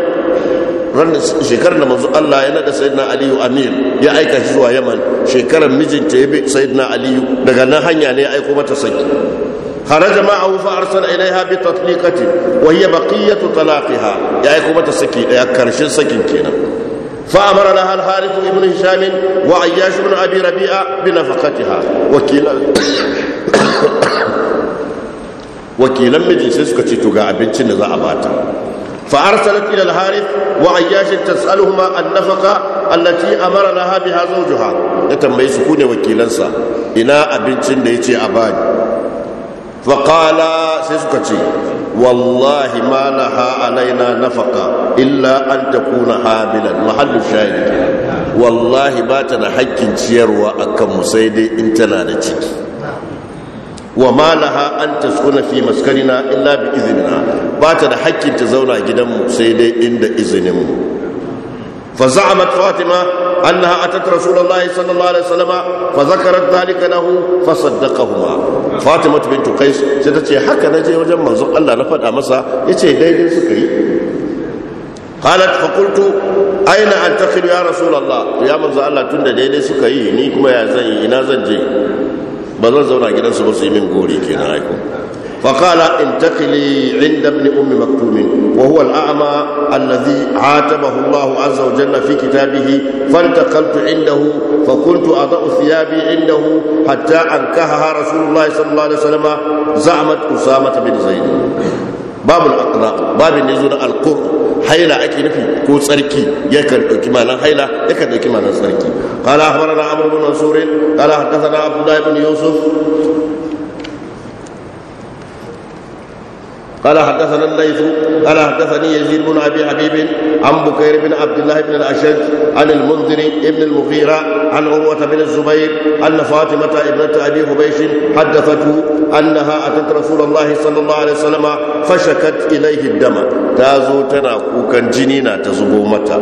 ran shekarar da manzo Allah ya nada sayyidina Aliyu Amir ya aika shi zuwa Yaman shekarar mijinta ya bi sayyidina Aliyu daga nan hanya ne ya aiko mata saki خرج معه فارسل اليها بتطليقه وهي بقيه طلاقها يا كما تسكي يا كرشن سكين كده فامر لها الحارث بن هشام وعياش بن ابي ربيعه بنفقتها وكيلا wakilan mijin sai suka ce to ga abincin da za a bata fa arsalat ila al-harith wa ayyash tas'aluhuma an-nafaqa allati amara laha ya su kune wakilansa ina abincin da ce a bani faƙala sai suka ce wallahi ma laha alaina nafaka illa an ta kuna hamilan mahallin shayi wallahi ba ta da haƙƙin ciyarwa a kanmu sai dai in tana da ciki wa ma laha an ta suna fi maskarina illa bi izinina ba ta da hakkin ta zauna gidanmu sai dai inda izininmu فزعمت فاطمة أنها أتت رسول الله صلى الله عليه وسلم فذكرت ذلك له فصدقهما fatima bin tukais sai ta ce haka na je wajen manzon Allah na faɗa masa yace daidai suka yi halat fa qultu aina antakhil ya rasulullah ya manzon Allah tunda daidai suka yi ni kuma ya zan yi ina zan je ba zan zauna gidansu ba su yi min gori kenan aiko فقال انتقلي عند ابن أم مكتوم وهو الأعمى الذي عاتبه الله عز وجل في كتابه فانتقلت عنده فكنت أضع ثيابي عنده حتى أنكهها رسول الله صلى الله عليه وسلم زعمت أسامة بن زيد باب الأقراء باب النزول القرء haila ake nufi ko tsarki yakan dauki malan haila yakan dauki malan tsarki qala akhbarana amr bin mansur qala hadathana abdullah ibn yusuf قال حدثنا الليث قال حدثني يزيد بن ابي حبيب عن بكير بن عبد الله بن الاشج عن المنذر بن المغيره عن عروه بن الزبير ان فاطمه ابنه ابي حبيش حدثته انها اتت رسول الله صلى الله عليه وسلم فشكت اليه الدم تازو تنا كوكان جنينا تزبو متى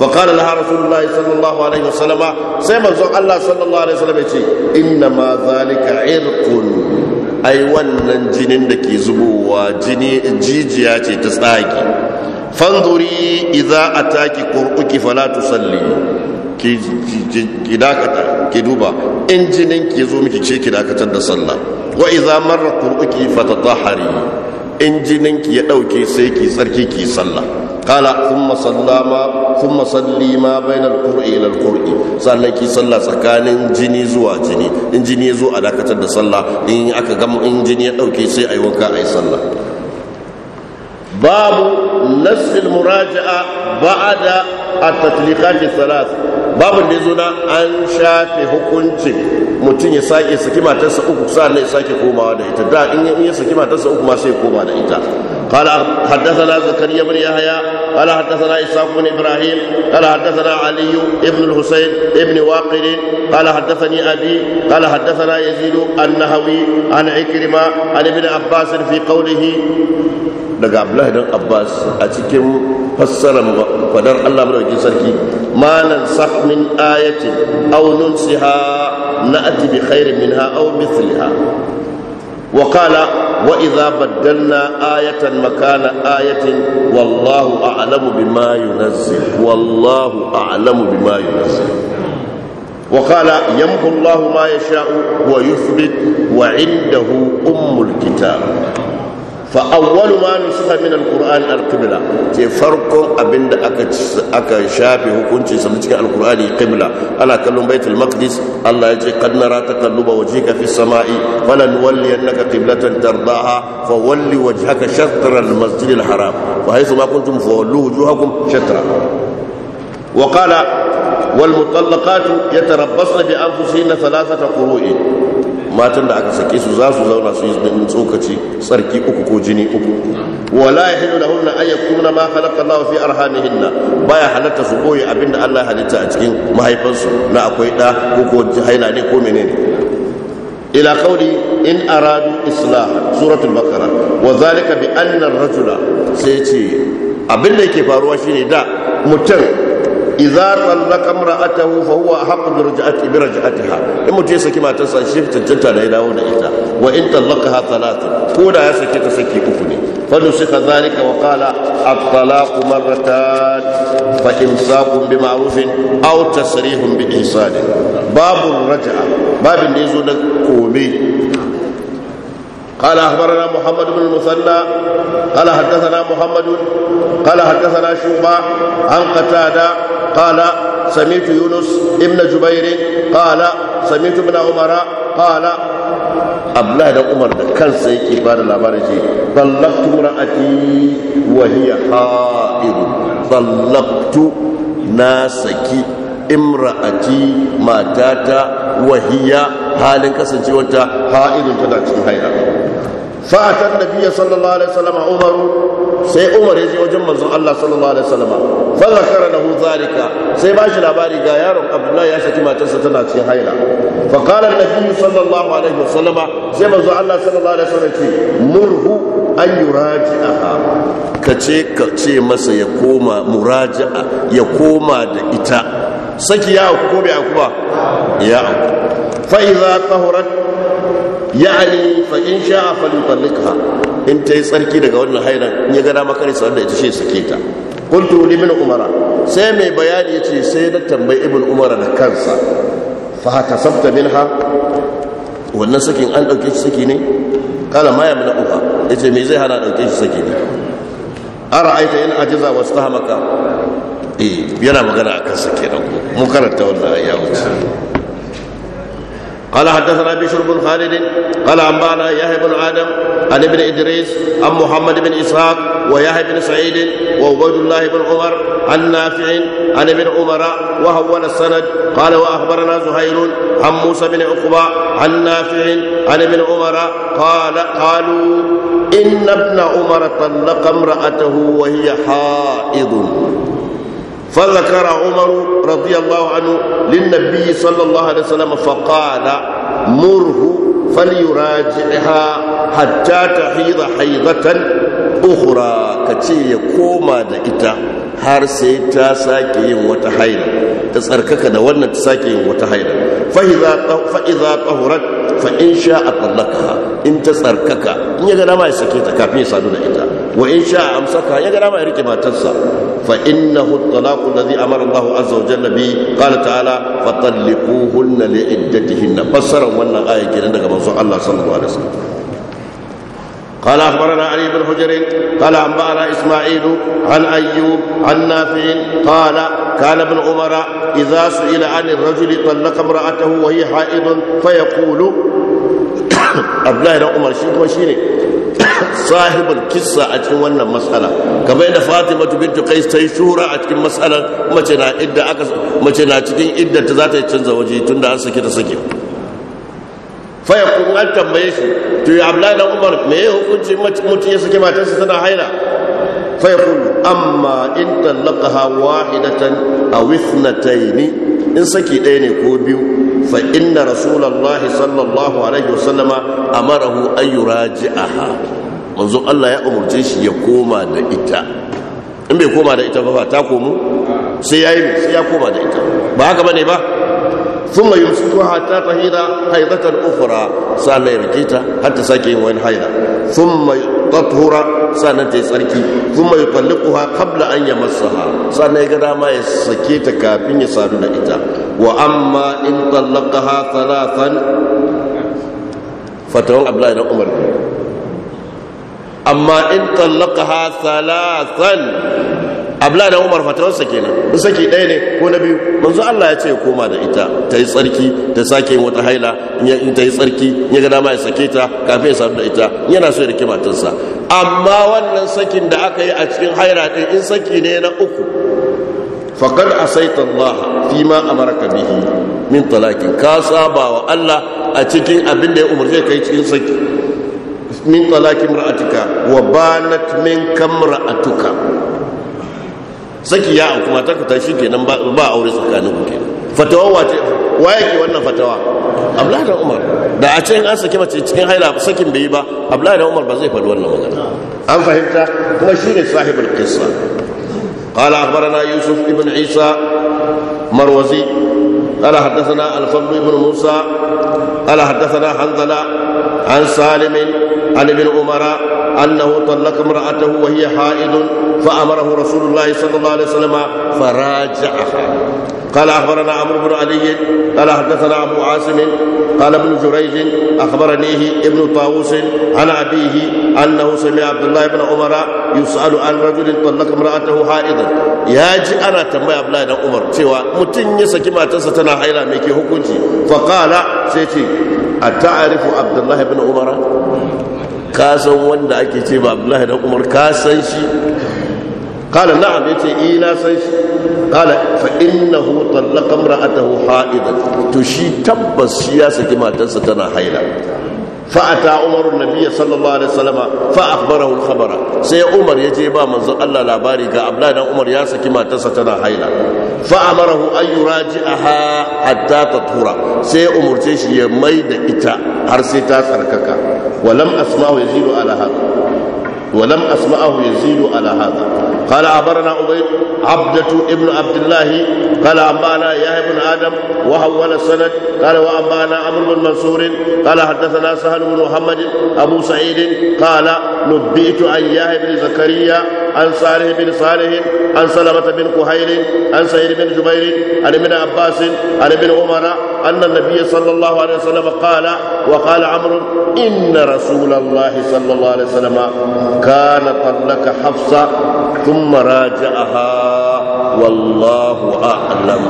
فقال لها رسول الله صلى الله عليه وسلم سيما الله صلى الله عليه وسلم انما ذلك عرق ai wannan jinin da ke zubowa jini jijiya ce ta tsaki fanzuri idza ataki taki fala tusalli ki ki dakata ki duba in jinin ke zo miki ce ki dakatar da sallah wa idza marra qur'uki fatatahari in jinin ki ya dauke sai ki tsarki ki sallah قال ثم صلى ما ثم صلي ما بين القرء الى القرء sannan ki sallah tsakanin jini zuwa jini in jini ya zo a dakatar da sallah in aka gama in jini ya dauke sai ayi wanka ayi sallah babu nasil muraja'a ba'da at-tatliqat salas babu da yazo na an shafe hukuncin mutum ya sake saki matarsa uku sannan ya sake komawa da ita da in ya saki matarsa uku ma sai ya koma da ita قال حدثنا زكريا بن يحيى قال حدثنا اسحاق بن ابراهيم قال حدثنا علي بن الحسين بن واقر قال حدثني ابي قال حدثنا يزيد النهوي عن عكرمه عن ابن عباس في قوله daga abdullahi dan abbas a cikin fassarar faɗar allah madaukakin sarki malan sahmin ayatin aw nunsiha na'ti bi khairin minha aw mithliha wa وإذا بدلنا آية مكان آية والله أعلم بما ينزل والله أعلم بما ينزل وقال يمحو الله ما يشاء ويثبت وعنده أم الكتاب fa awwalu ma nusuka min alquran alqibla ce farkon abinda aka aka shafe hukunci sa cikin alqurani qibla ala kallon baitul maqdis Allah ya ce kad nara taqalluba wajhika fis samai falan walliyannaka qiblatan tardaha fa walli wajhaka shatr almasjid alharam wa haythu ma kuntum fawallu wujuhakum shatra وقال والمطلقات يتربصن بانفسهن ثلاثه قروء matan da aka sake su za su zauna su yi tsokaci tsarki uku ko jini uku wala ya hinu da hunna ayyar kuna ma halatta Allah fi ba baya halatta su boye abinda Allah halitta a cikin mahaifansu na akwai ɗa ko ko haila ne ko menene ila kauri in aradu isla suratul bakara wa zalika bi annar rajula sai ce abinda yake faruwa shine da mutum iza tallaka imra'atahu fa huwa haqqu bi raj'ati in mutum ya saki matarsa shi tantanta da ya dawo da ita wa in tallaqaha thalatha ko da ya saki ta saki uku ne fa nusika zalika wa qala at-talaq marratan fa imsakun bi ma'rufin aw tasrihun bi ihsan babu raj'a babin da yazo na kome قال أخبرنا محمد بن المثنى قال حدثنا محمد قال حدثنا شعبة عن قتادة قال سمعت يونس ابن جبير قال ابن عمر قال abdullahi da umar da kansa yake ba da labarin ce ballaktu ra'ati wa hiya na saki imra'ati matata wahiya halin kasancewarta ha'idu tana cikin haila fa'atan nabiyya sallallahu alaihi wasallam Umaru sai umar ya je wajen manzon Allah sallallahu alaihi wasallam fa zakara lahu zalika sai ba shi labari ga yaron abdullahi ya saki matarsa tana cikin haila fa qala nabiyyu sallallahu alaihi wasallam sai manzon Allah sallallahu alaihi wasallam ce murhu an yuraji'aha ka ce masa ya koma muraja'a ya koma da ita saki ya ko bai akuba ya fa'iza tahurat ya'ani fa in sha'a falyutalliqha in ta yi tsarki daga wannan hairan in ya gada maka risa wanda ita ce suke ta qultu li min umara sai mai bayani ce sai na tambayi ibn umara da kansa fa min minha wannan sakin an dauke shi saki ne kala ma yamna uha ce me zai hana dauke shi saki ne ara'aita in ajiza wastahmaka eh yana magana akan sake da ku mun karanta wannan ayyawa قال حدثنا بشر بن خالد قال انبانا يحيى بن ادم عن ابن ادريس عن محمد بن اسحاق ويحيى بن سعيد وعبيد الله بن عمر عن نافع عن ابن عمر وهول السند قال واخبرنا زهير عن موسى بن عقبه عن نافع عن ابن عمر قال قالوا ان ابن عمر طلق امراته وهي حائض فذكر عمر رضي الله عنه للنبي صلى الله عليه وسلم فقال مره فليراجعها حتى تحيض حيضة أخرى كتير كوما دئتا har sai ta sake yin wata haila ta tsarkaka da wannan ta sake yin wata haila fa'iza ƙahurat fa'in sha a tsallaka in ta tsarkaka in ya gada dama ya sake ta kafin ya sadu da ita wa in sha amsaka ya ga dama ya rike matarsa fa innahu talaqu alladhi amara Allahu azza wa jalla bi qala ta'ala fatalliquhunna li iddatihinna fassara wannan aya kenan daga manzon Allah sallallahu alaihi wasallam قال اخبرنا علي بن حجر قال انبانا اسماعيل عن ايوب عن نافع قال كان ابن عمر اذا سئل عن الرجل طلق امراته وهي حائض فيقول عبد الله عمر شيخ وشيني sahibul kissa a cikin wannan matsala kamar yadda fatima bintu qais ta yi shura a cikin matsalar mace na cikin idda ta za ta canza waje tunda an sake ta sake fa kun an tambaye shi to ya abdullahi dan umar me ya hukunci mutum ya sake matarsa tana haila fa kun amma in talaqaha wahidatan aw ithnatayn in saki ɗaya ne ko biyu Fa inna rasulallah sallallahu alaihi wa sallama. Wanzu Allah ya umarci shi ya koma da ita. In bai koma da ita ba ta komo sai ya koma da ita. Ba kaba ne ba. Fumai yanzu koha ta fahimta haizakan ofura. Sannan ya rikita har ta sake yin waɗannan haihar. Fumai batura sannan ta tsarki. Fumai kwandiku ha an yi masa ha. Sannan ya gada ma sake ta kafin ya samu da ita. وأما إن طلقها ثلاثا فتوان عبد الله بن عمر أما إن طلقها ثلاثا abla da umar fatawarsa kenan saki ɗaya ne ko na biyu manzo Allah ya ce ya koma da ita ta yi tsarki ta sake yin wata haila in ta yi tsarki ya ga dama ya sake ta kafin ya sadu da ita yana so ya rike matarsa amma wannan sakin da aka yi a cikin haila ɗin in saki ne na uku a asaita Allah fi ma a maraka bihi min talakin ka saba wa Allah a cikin abin da ya umarce kai cikin saki min talakin ra'atuka wa banat min kam ra'atuka saki ya an kuma taka tashi nan ba aure tsakanin ku kenan fatawa wace waye ke wannan fatawa Abdullahi Umar da a cikin an saki mace cikin haila sakin bai yi ba Abdullahi Umar ba zai faɗi wannan magana an fahimta kuma shi ne sahibul qissa قال أخبرنا يوسف بن عيسى مروزي قال حدثنا الفضل بن موسى قال حدثنا حنظلة عن سالم عن ابن عمر أنه طلق امرأته وهي حائض فأمره رسول الله صلى الله عليه وسلم فراجعها قال أخبرنا عمرو بن علي قال حدثنا أبو عاصم قال ابن جريج أخبرنيه ابن طاووس عن أبيه أنه سمع عبد الله بن عمر يسأل عن رجل طلق امرأته حائضا يا جي أنا تنبي عبد الله بن عمر سوى متن يسكي ما تستنا حيلا ميكي حكمتي فقال سيتي أتعرف عبد الله بن عمر kasan wanda ake ce ba abu da umar kasan shi kala na'am ya ce ina san shi kala fa'inna hutar eh, na kamra a taho ha'ida to shi tabbas shi ya saki matarsa tana haila fa'ata umaru nabiya sallallahu alaihi salama fa'afbara hun khabara sai umar ya je ba manzo allah labari ga abu lahi umar ya saki matarsa tana haila Fa'a hu an yi raji a tura sai umarce shi ya mai da ita har sai ta tsarkaka ولم أسمعه يزيد على هذا ولم أسمعه يزيد على هذا قال عبرنا أبي عبدة ابن عبد الله قال أنبانا يحيى بن آدم وحول سند قال وأنبانا عمرو بن منصور قال حدثنا سهل بن محمد أبو سعيد قال نبئت عن يحيى بن زكريا an sare bin salihin an salamata bin kuhairin an sayir bin jubairin an bin abbasin an bin umara an nan nabiya sallallahu alaihi wasallam kala wa kala amurin inna rasulallah sallallahu alaihi wasallam kana tallaka hafsa tun maraja a ha والله اعلم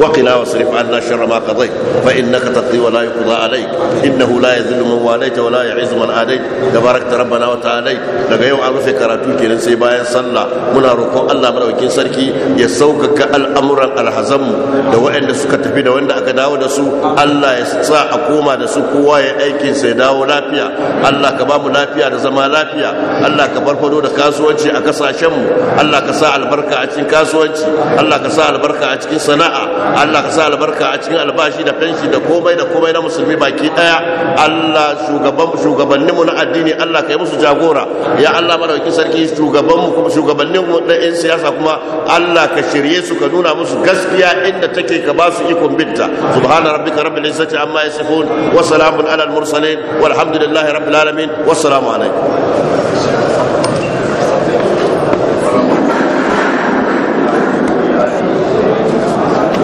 وقنا واصرف عنا شر ما قضيت فإنك تقضي ولا يقضى عليك إنه لا يذل من واليت ولا يعز من آليت تباركت ربنا وتعاليت daga yau an rufe karatu kenan sai bayan sallah muna roƙon Allah madaukakin sarki ya saukaka al'amuran alhazanmu da waɗanda suka tafi da wanda aka dawo da su Allah ya sa a koma da su kowa ya aikin sai dawo lafiya Allah ka ba mu lafiya da zama lafiya Allah ka farfado da kasuwanci a kasashenmu Allah ka sa albarka a cikin kasuwanci Allah ka sa albarka a cikin sana'a Allah ka sa albarka a cikin albashi da fenshi da komai da komai na musulmi baki daya Allah shugaban shugabannin mu na addini Allah ka yi musu jagora ya Allah madaukakin sarki shugaban mu kuma shugabannin mu na yan siyasa kuma Allah ka shirye su ka nuna musu gaskiya inda take ka ba su ikon binta subhana rabbika rabbil izzati amma yasifun wa salamun alal mursalin walhamdulillahi rabbil alamin wassalamu alaikum